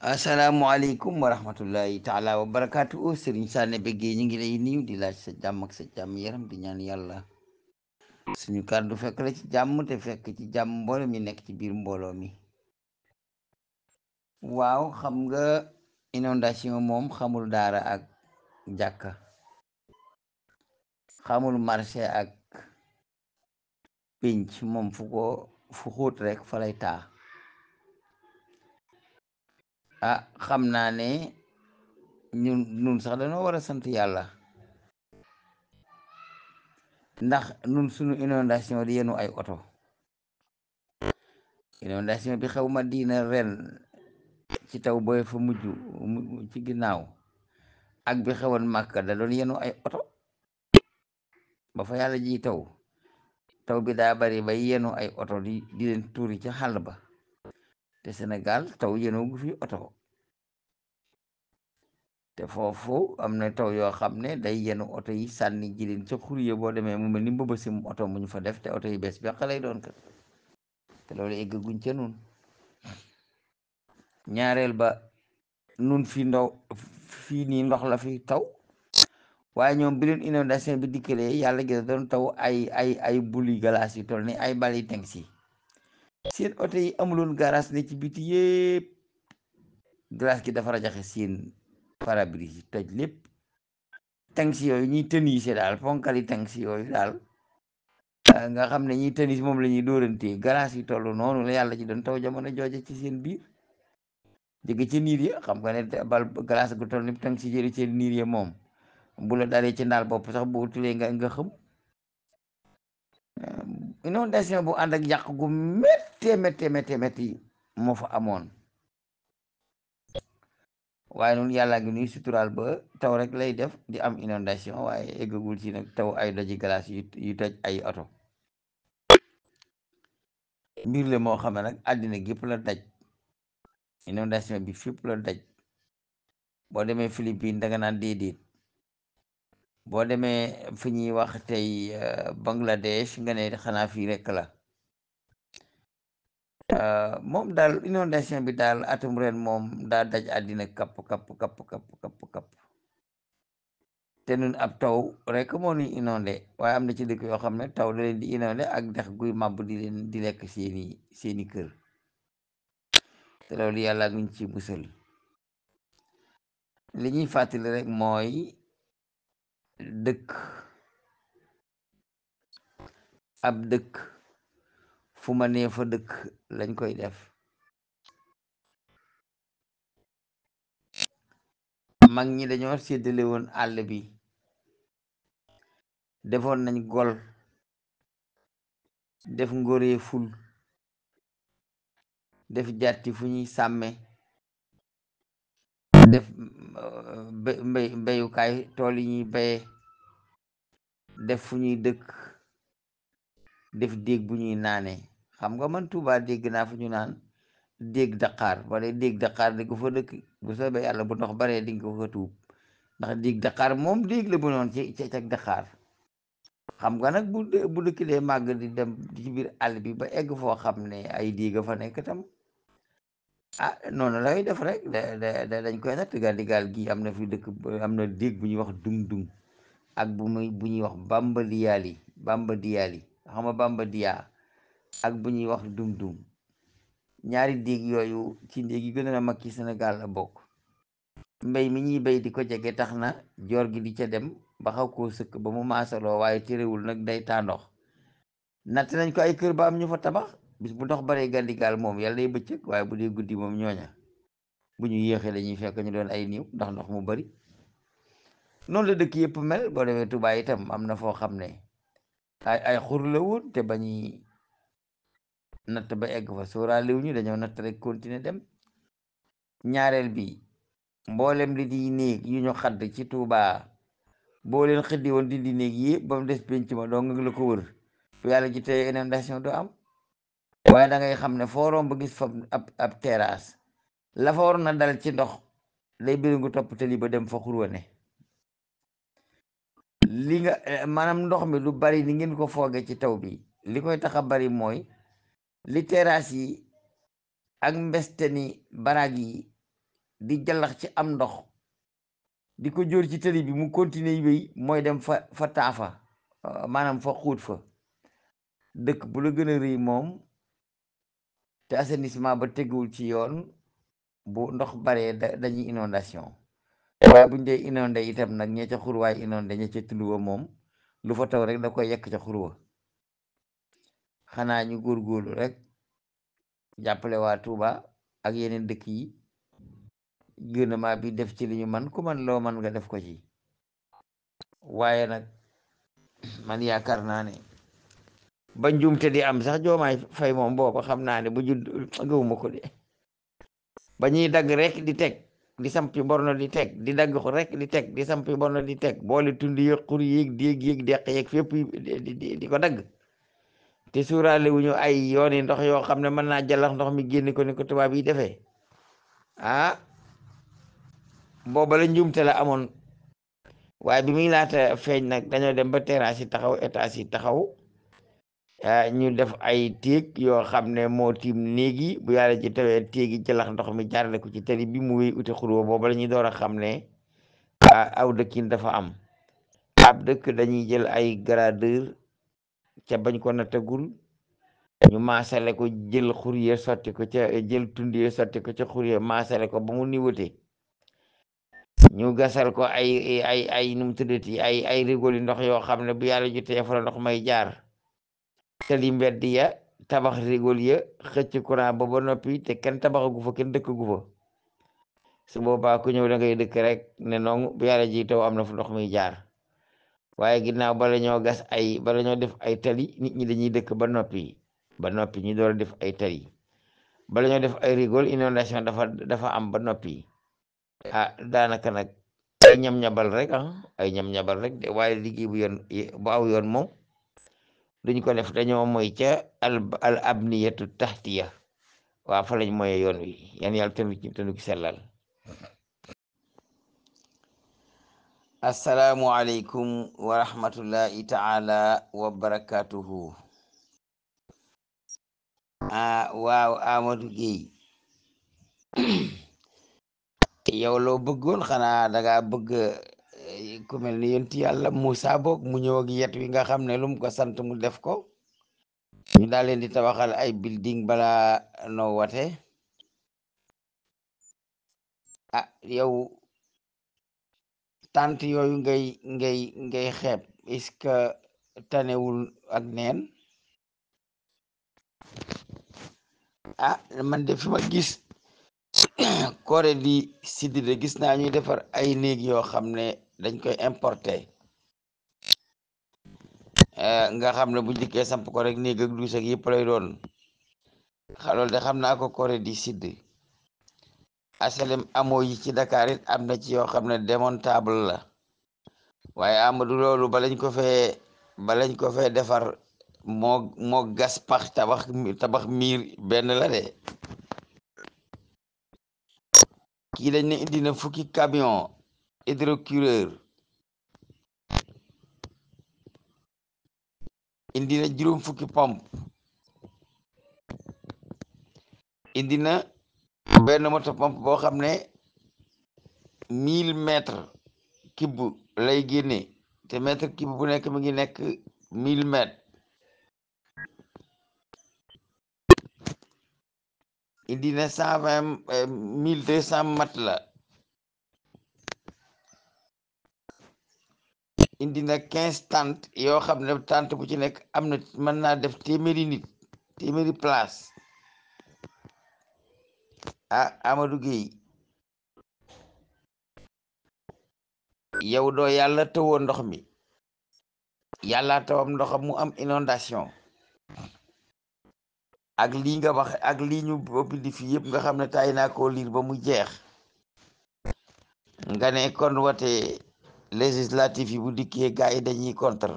asalaamualeykum wa rahmatullahi taala wa barakaatu Serigne Sané Bégué ñu ngi lay nuyu di laaj sa jàmm ak sa jàmm yaram di ñaan yàlla suñu kàddu fekk la ci jàmm te fekk ci jàmm mbooloo mi nekk ci biir mbooloo mi waaw xam nga inondation moom xamul daara ak jàkka xamul marché ak pinc moom fu ko fu fa lay taa ah xam naa ne ñun ñun sax dañoo war a sant yàlla ndax ñun suñu inondation di yenu ay oto inondation bi xew ma diina ren ci taw booy fa mujj ci ginnaaw ak bi xewoon màkka da doon yenu ay oto ba fa yàlla ji taw taw bi daa bari bay yenu ay oto di di leen ci xàll ba te Sénégal taw yéenoogu fi oto te foofu am na taw yoo xam ne day yenu oto yi sànni jilin ca xurye boo demee mu mel ni mbëbë sim oto mu ñu fa def te oto yi bees beq lay doon kat te loolu eggaguñ ca nun ñaareel ba nun fi ndaw fii nii ndox la fi taw waaye ñoom bi leen inondation bi dikkalee yàlla gis doon taw ay ay ay buli yu toll ni ay bali teng si seen oto yi amuloon garage ne ci biti yëpp glace gi dafa rajaxe seen parabrise yi toj lépp tanks yooyu ñuy tenise daal ponkali tanks yooyu daal ah, nga xam ne ñuy tenise moom la ñuy dóorantee glace yi toll noonu la yàlla ci doon taw jamono jooje ci seen biir jóge ci niir ya xam nga ne bal glace gu toll ni tanks yi jëri ci niir ya moom bu la dalee ci ndaal bopp sax boo tulee nga nga xëm inondation bu ànd ak yàq gu méttee méttee méttee moo fa amoon waaye nun yàlla ngi nuy suturaal ba taw rek lay def di am inondation waaye eggagul ci nag taw ay doji glace yu toj ay oto mbir la moo xam ne nag àddina gépp la daj inondation bi fépp la daj boo demee Philippines da nga naan déedéet boo demee fi ñuy wax tey euh, Bangladesh nga ne xanaa fii rekk la euh, moom daal inondation bi daal atum ren moom daa daj àddina kapp kapp kapp kapp kapp te nun ab taw rek moo ñu inondé waaye am na ci dëkk yoo xam ne taw da leen di inondé ak dex guy màbb di leen di lekk seeni seeni kër te loolu yàlla ak ci musal li ñuy fàttali rek mooy dëkk ab dëkk fu ma nee dëkk lañ koy def mag ñi dañoo séddale woon àll bi defoon nañ gol def ngoree def jàtti fu ñuy sàmme def bay bayukaay tool yi ñuy bayee def fu ñuy dëkk def déeg bu ñuy naanee xam nga man Tuuba dégg naa fu ñu naan déeg daqaar wala déeg daqaar di ko fa dëkk bu soobee yàlla bu ndox baree di ko fa tuub ndax déeg daqaar moom déeg la bu noon ci ci ak daqaar xam nga nag bu bu dëkk dee di dem ci biir àll bi ba egg foo xam ne ay déeg fa nekk tam ah noonu la ngay def rek da dañ koy natt gaal di gaal gi am na fi dëkk am na dégg bu ñuy wax dung-dung ak bu muy bu ñuy wax bamba diyaali bamba diyaali xam nga bamba diyaa ak bu ñuy wax dung-dung ñaari déeg yooyu ci déeg yi gën a mag ci Sénégal la bokk mbéy mi ñuy béy di ko jege tax na joor gi di ca dem ba xaw koo sëkk ba mu maasaloo waaye terewul nag day taa natt nañ ko ay kër ba am ñu tabax bis bu ndox baree gàndigaal moom yàlla day bëccëg waaye bu dee guddi moom ñooña bu ñu yéexee lañuy fekk ñu doon ay niiw ndox ndox mu bari noonu la dëkk yëpp mel boo demee Tuubaa itam am na foo xam ne ay ay xur la woon te ba ñuy natt ba egg fa sóoraaliw ñu dañoo natt rek continuer dem ñaareel bi mboolem li di néeg yu ñu xadd ci Tuubaa boo leen xëddi woon di di néeg yëpp ba mu des penc ma doo nga la ko wër bu yàlla ji tey du am waaye dangay xam ne foo ba gis fa ab ab terrasse la fa waroon a dal ci ndox day biri ngu topp tali ba dem fa xurwane li nga maanaam ndox mi lu bari ni ngeen ko fooge ci taw bi li koy tax a bari mooy li terrasse yi ak mbeste ni baraag yi di jallax ci am ndox di ko jóor ci tëli bi mu continuer wéy mooy dem fa fa taafa maanaam fa xuut fa dëkk bu la gën a rëy moom te assainissement ba teguwul ci yoon bu ndox baree dañuy inondation waaye eh buñ dee inondé itam nag ñe ca xurwaay inondé ñe ca moom lu fa taw rek da koy yekk ca xurwa xanaa ñu góorgóorlu rek jàppale waa Touba ak yeneen dëkk yi gouvernement bi def ci li man ku man loo man nga def ko ci waaye nag man yaakaar naa ne ba njuumte di am sax joomaay fay moom booba xam naa ne bu judd gëwuma ko de ba ñuy dagg rek di teg di sampi mborno di teg di dagg ko rek di teg di sampi mborno di teg boole tund yëg xur yéeg déeg yéeg deq yeeg fépp di ko dagg te suuraale wuñu ay yooni ndox yoo xam ne mën naa jalax ndox mi génn ko ni ko tubaab yi defee ah booba la njuumte la amoon waaye bi laata feeñ nag dañoo dem ba terrasse yi taxaw étage yi taxaw Eh, ñu def ay téeg yoo xam ne moo tiim néegi bu yàlla ji tawee téegi ci lax ndox mi jaarale ko ci tali bi mu wéy uti xurwa boobu la door a xam ne ah, aw dëkkin dafa am ab dëkk dañuy jël ay gradeur ca bañ ko nattagul ñu maasale ko jël xur yee ko ca jël tund yee ko ca xur yee ko ba mu niwate ñu gasal ko ay ay ay nu mu tuddati ay ay rigoli ndox yoo xam ne bu yàlla jotee fa la ndox may jaar tali mbedd ya tabax rigol ya xëcc courant ba ba noppi te kenn tabaxagu fa kenn dëkkagu fa su boobaa ku ñëw da ngay dëkk rek ne noonu bu yàlla am na fu ndox muy jaar waaye ginnaaw bala ñoo gas ay bala def ay tali nit ñi dañuy dëkk ba noppi ba noppi ñu door def ay tali bala ñoo def ay rigol inondation dafa dafa am ba noppi ah daanaka nag ay ñam ñabal rek ah, ay ñam ñabal rek de waaye liggéey bu yoon bu yoon moom duñ ko def dañoo mooy ca al abniyatu tahtiya waa fa lañ mooye yoon wi yan yàlla tanu ci tanu ki sellal asalaamualeykum wa taala wa barakatuhu Amadou Gueye yow loo bëggoon xanaa danga ku mel ni yonti yàlla Moussa boog mu ñëw ak yet wi nga xam ne lu mu ko sant mu def ko ñu daal leen di tabaxal ay building bala no wate ah yow tant yooyu ngay ngay ngay xeeb est-ce que ak neen ah man de gis Corée di Sud de gis naa defar ay néeg yoo xam ne dañ koy importer eh, nga xam ne bu njëkkee samp ko rek néeg ak duus ak yëpp lay doon loolu de xam naa ko Corée du Sud aselem amoo yi ci Dakar am na ci yoo xam ne démontable la waaye Amadou loolu ba lañ ko fee ba lañ ko fee defar moo moo gas pax tabax tabax miir benn la de kii dañ ne indi na fukki camion hydrocureur indi na juróom fukki pomp indi na benn moto pompe boo xam ne mille mètres cube lay génne te mètre cube bu nekk mi ngi nekk mille mètres indi na cent vingt euh, mille deux cent mat la indi na quinze tentes yoo xam ne tente bu ci nekk am na mën naa def téeméeri nit téeméeri place ah Amadou Gueye yow doo yàlla tawoo ndox mi yàlla tawam ndoxam mu am inondation ak lii nga wax ak lii ñu bindi fii yëpp nga xam ne tay naa koo liir ba mu jeex nga ne kon wate législatif yi bu dikkee gars yi dañuy contre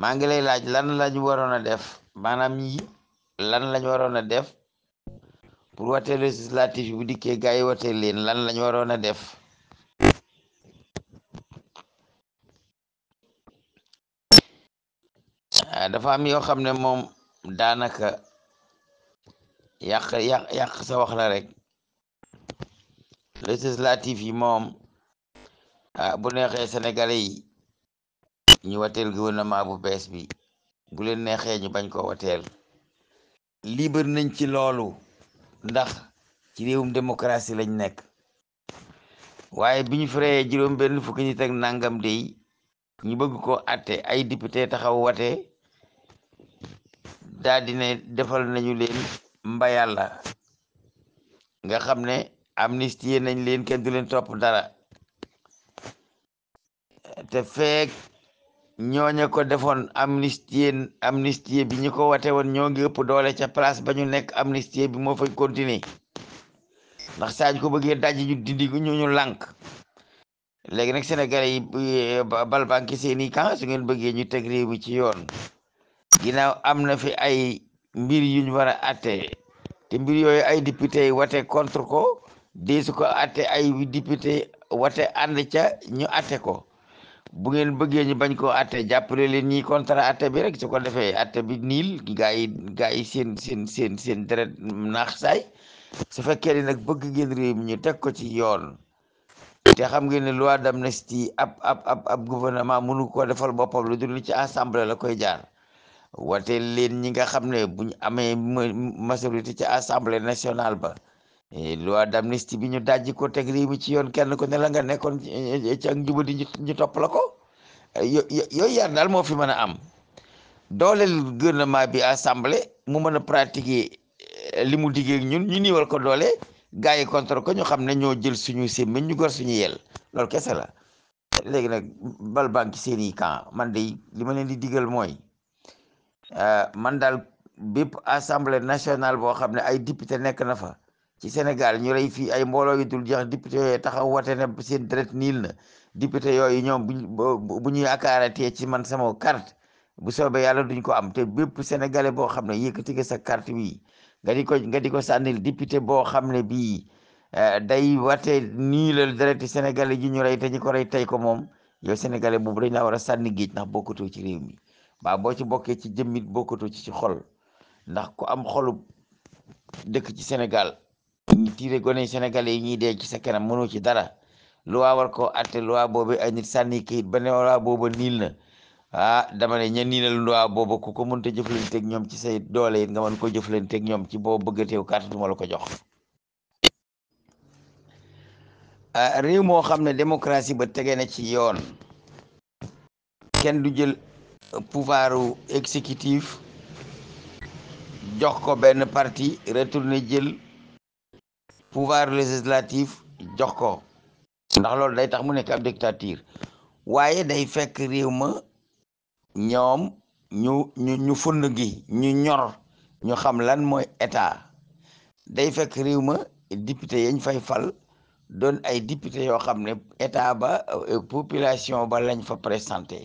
maa ngi lay laaj lan lañu waroon a def maanaam yi lan lañu waroon a def pour wote législatif yi bu dikkee gars yi wote leen lan lañu waroon a def ah, dafa am yoo xam ne moom daanaka yàq yàq yàq sa wax la rek législatif yi moom ah bu neexee sénégalais yi ñu wateel gouvernement bu bees bi bu leen neexee ñu bañ koo wateel libre nañ ci loolu ndax ci réewum démocratie lañ nekk waaye bi ñu feree juróom benn fukki nit nangam dey ñu bëgg ko atte ay député taxaw wate daa di ne defal nañu leen mba yàlla nga xam ne amnistie nañ leen kenn du leen trop dara te feek ñooñe ko defoon amnistie amnistie bi ñu ko wate woon ñoo ngi ëpp doole ca place ba ñu nekk amnistie bi moo fay continuer ndax saa ko bëggee daj ñu dindi ñu ñu lànk léegi nag Sénégalais yi eh, balbanki seen i ka su ngeen bëggee ñu teg réew mi ci yoon ginaaw am na fi ay mbir yu ñu war a atte te mbir yooyu ay député yi wate contre ko dee ko atte ay député wate ànd ca ñu atte ko bu ngeen bëggee ñu bañ koo atte jàppale leen ñi kontra atte bi rek su ko defee ate bi niil gaa yi gaa yi seen seen seen seen deret naax saay su fekkee ni nag bëgg ngeen réew ñu teg ko ci yoon te xam ngeen ne loi d'amnistie ab ab ab ab gouvernement mënu ko defal boppam lu dul ci assemblée la koy jaar wate leen ñi nga xam ne buñ amee majorité ci assemblée nationale ba Eh, loi d'amnistie bi ñu dajji ko teg réew mi ci yoon kenn ku ne la nga nekkoon eh, ci ak njubadi ñu topp la ko eh, yooyu yar daal moo fi mën a am dooleel gouvernement bi assemblée mu mën a pratiquer li mu diggee ñun ñu niiwal ko doole gars yi contre ko ñu xam ne ñoo jël suñu sémmiñ ñu gor suñu yel loolu kese la léegi nag bal banque seen i camp man de li ma leen di diggal mooy man daal bépp assemblée nationale boo xam ne ay député nekk na fa ci Sénégal ñu rey fii ay mbooloo dul jeex député yooyu taxaw wate ne seen deret niil na député yooyu ñoom bu ñu yaakaaratee ci man sama carte bu soobee yàlla duñ ko am te bépp sénégalais boo xam ne yëkkati nga sa carte wi nga di ko nga di ko sànnil député boo xam ne bii eh, day wate niilal dereti sénégalais ji ñu rey te ñu ko rey tey ko moom yow sénégalais boobu dañ laa war a sànni géej ndax bokkatoo ci réew mi ba boo ci bokkee ci jëmmit bokkatoo ci ci xol ndax ku am xolu dëkk ci Sénégal ñi tiire gone sénégalais yi ñuy dee ci sa kanam ci dara luwaa war ko atte luwaa boobu ay nit sànni kayit ba ne luwaa booba niil na ah dama ne ña niilal luwaa booba ku ko mënta jëflanteeg ñoom ci say doole it nga mën ko jëflanteeg ñoom ci boo bëggateew carte du ma la ko jox ah, réew moo xam ne démocratie ba tege na ci yoon kenn du jël pouvoiru exécutif jox ko benn parti retourné jël pouvoir législatif jox ko ndax loolu day tax mu nekk ab dictature waaye day fekk réew ma ñoom ñu ñu ñu fund gi ñu ñor ñu xam lan mooy état day fekk réew ma député yañ fay fal doon ay député yoo xam ne état ba euh, population ba lañ fa présenté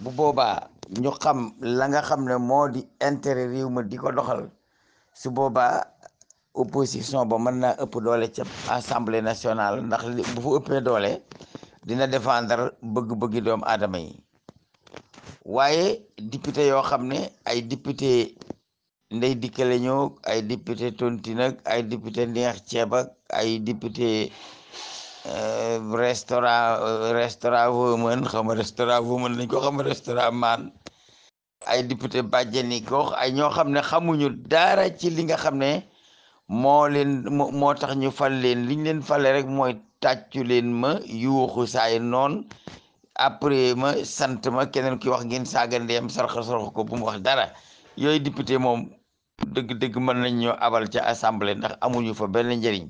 bu boobaa ñu xam la nga xam ne moo di intérêt réew ma di ko doxal su boobaa opposition ba mën naa ëpp doole ca assemblée nationale ndax bu fa ëppee doole dina défendre bëgg-bëggi doom adama yi waaye député yoo xam ne ay député ndey dikkale ñëw ay député tontine ak ay député neex ceeb ak ay député restaurant euh, restaurant woman xam nga restaurant woman lañ ko xam restaurant maan ay député bàjjeni ko ay ñoo xam ne xamuñu dara ci li xam ne moo leen moo tax ñu fal leen liñ leen fale rek mooy tàccu leen ma yuuxu saay noon après ma sant ma keneen ki wax ngeen saaga ndeyam sarxa sarxa ko bu mu wax dara yooyu député moom dëgg-dëgg mën nañ ñoo abal ca assemblée ndax amuñu fa benn njëriñ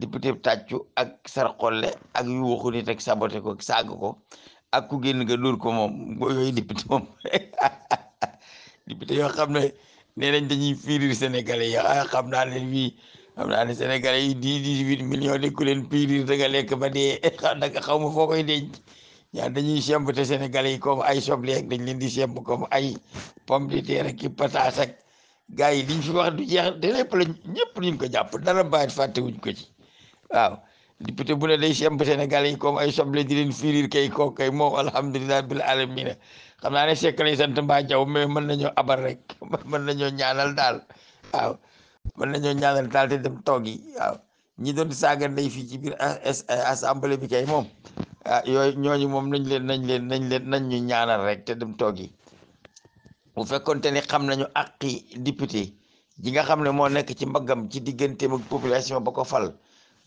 député tàccu ak sarxolle ak yuuxu nit ak saboté ko saaga ko ak ku génn nga dóor ko moom yooyu député moom député yoo xam ne nee nañ dañuy piirir sénégalais yi ah xam naa leen fii xam naa ne sénégalais yi dix dix huit millions de ku leen piirir da lekk ba dee naka ah, xaw ma foo koy denc dañuy semb te sénégalais yi comme ay soble ak dañ leen di semb comme ay pomme de terre ak i pataas ak yi liñ fi wax du jeex de lépp la ñëpp ñu ko jàpp dara bàyyi fàttewuñ ko ci waaw député bu ne day semb sénégalais yi comme ay soble di leen fiirir kay kooku kay moom alhamdulilah bil alamina xam naa ne Seck lay sant mbaa Jaw mais mën nañoo abal rek mën nañoo ñaanal daal waaw mën nañoo ñaanal daal te dem toog yi waaw ñi doon saaga ndey fii ci biir assemblée bi kay moom ah yooyu ñooñu moom nañ leen nañ leen nañ leen nañ ñu ñaanal rek te dem toog yi bu fekkonte ni xam nañu àqi député ji nga xam ne moo nekk ci mbaggam ci digganteem ak population ba ko fal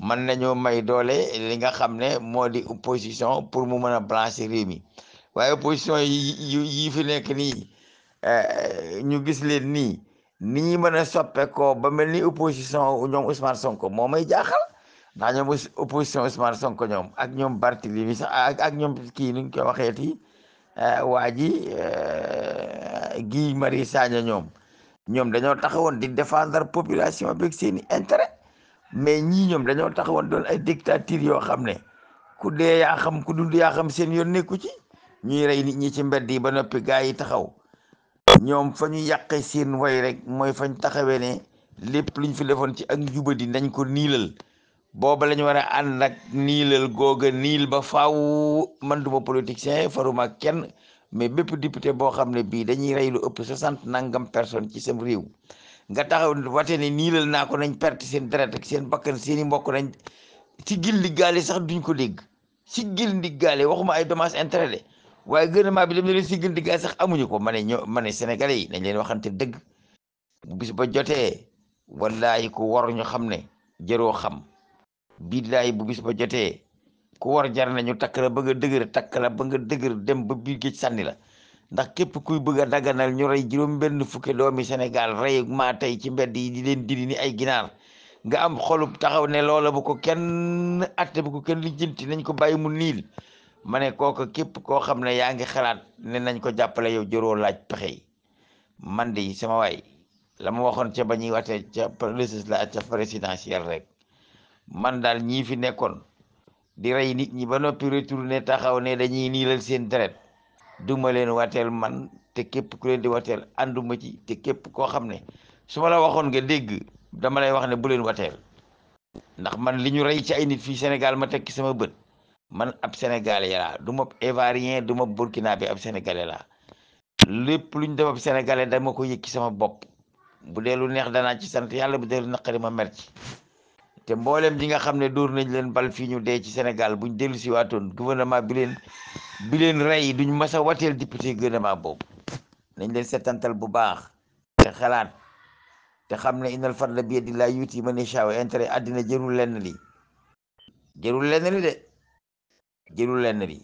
mën nañoo may doole li nga xam ne moo di opposition pour mu mën a blanchir réew mi waaye opposition yi yi fi nekk nii eh, ñu gis leen nii ni ñuy mën a soppeekoo ba mel ni opposition ñoom Ousmane Sonko moo may jaaxal ndax ñoom opposition Ousmane Sonko ñoom ak ñoom Barthélémy sax ak ñoom kii nu ñu koy waxeeti eh, waa ji eh, Guy Marius Sagna ñoom ñoom dañoo taxawoon di défendre population bi seen i intérêt mais ñii ñoom dañoo taxawoon doon ay dictature yoo xam ne ku dee yaa xam ku dund yaa xam seen yoon nekku ci. ñuy rey nit ñi ci mbedd yi ba noppi gaa yi taxaw ñoom fa ñu yàqe seen way rek mooy fañ taxawee ne lépp luñ fi defoon ci ak njubadi nañ ko niilal booba lañ war a nag ak niilal googa niil ba faaw man duma politicien faruma kenn mais bépp député boo xam ne bii dañuy rey lu ëpp soixante nangam personne ci sam réew nga taxaw wate ne niilal naa ko nañ perte seen deret ak seen bakkan seeni mbokk nañ si gil ndiggaale sax duñ ko dégg si gil ndiggaale waxuma ay dommages intérêts waaye gouvernement bi lim leen sigil diggaay sax amuñu ko ma ne ñoo ma ne sénégalais yi leen waxante dëgg bu bis ba jotee wallaahi ku war ñu xam ne jëroo xam billaahi bu bis ba jotee ku war jar nañu takk la ba nga dëgër ba nga dëgër dem ba biir géej sànni la ndax képp kuy bëgg a daganal ñu rey juróom benn fukki doomi senegal rey maa tey ci mbedd yi di leen diri ni ay ginaar nga am xolub taxaw ne loola bu ko kenn atte bu ko kenn lijjanti nañ ko bàyyi mu niil ma ne kooku képp koo xam ne yaa ngi xalaat ne nañ ko jàppale yow jëroo laaj pexe man di sama waay la ma waxoon ca ba ñuy waxte ca législative ca présidentielle rek man daal ñii fi nekkoon di rey nit ñi ba noppi ne taxaw ne dañuy niilal seen deret duma leen wateel man te képp ku leen di wateel ànduma ci te képp koo xam ne su ma la waxoon nga dégg dama lay wax ne bu leen wateel ndax man li ñu rey ca ay nit fii Sénégal ma tekki sama bët man ab sénégalais laa du ma ivoirien du ma burkinabé ab sénégalais laa lépp lu ñu def ab sénégalais dama ko yëg ci sama bopp bu dee lu neex danaa ci sant yàlla bu dee lu naqari ma mer ci te mboolem ji nga xam ne dóor nañ leen bal fii ñu dee ci Sénégal buñ dellu si waatoon gouvernement bi leen bi leen rey duñ mas a wateel député gouvernement boobu nañ leen setantal bu baax te xalaat te xam ne inal fadla bi yadillah yuuti man yashaa intérêt àddina jërul lenn li jërul lenn li jëlul lenn bi